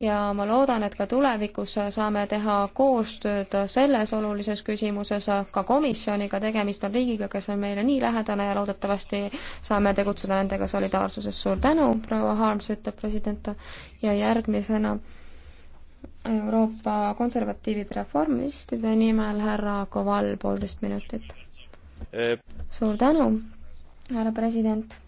ja ma loodan, et ka tulevikus saame teha koostööd selles olulises küsimuses ka komisjoniga, tegemist on riigiga, kes on meile nii lähedane ja loodetavasti saame tegutseda nendega solidaarsuses. suur tänu, proua Harms, ütleb president ja järgmisena Euroopa konservatiivid reformistide nimel härra Koval, poolteist minutit. Eh. suur tänu, härra president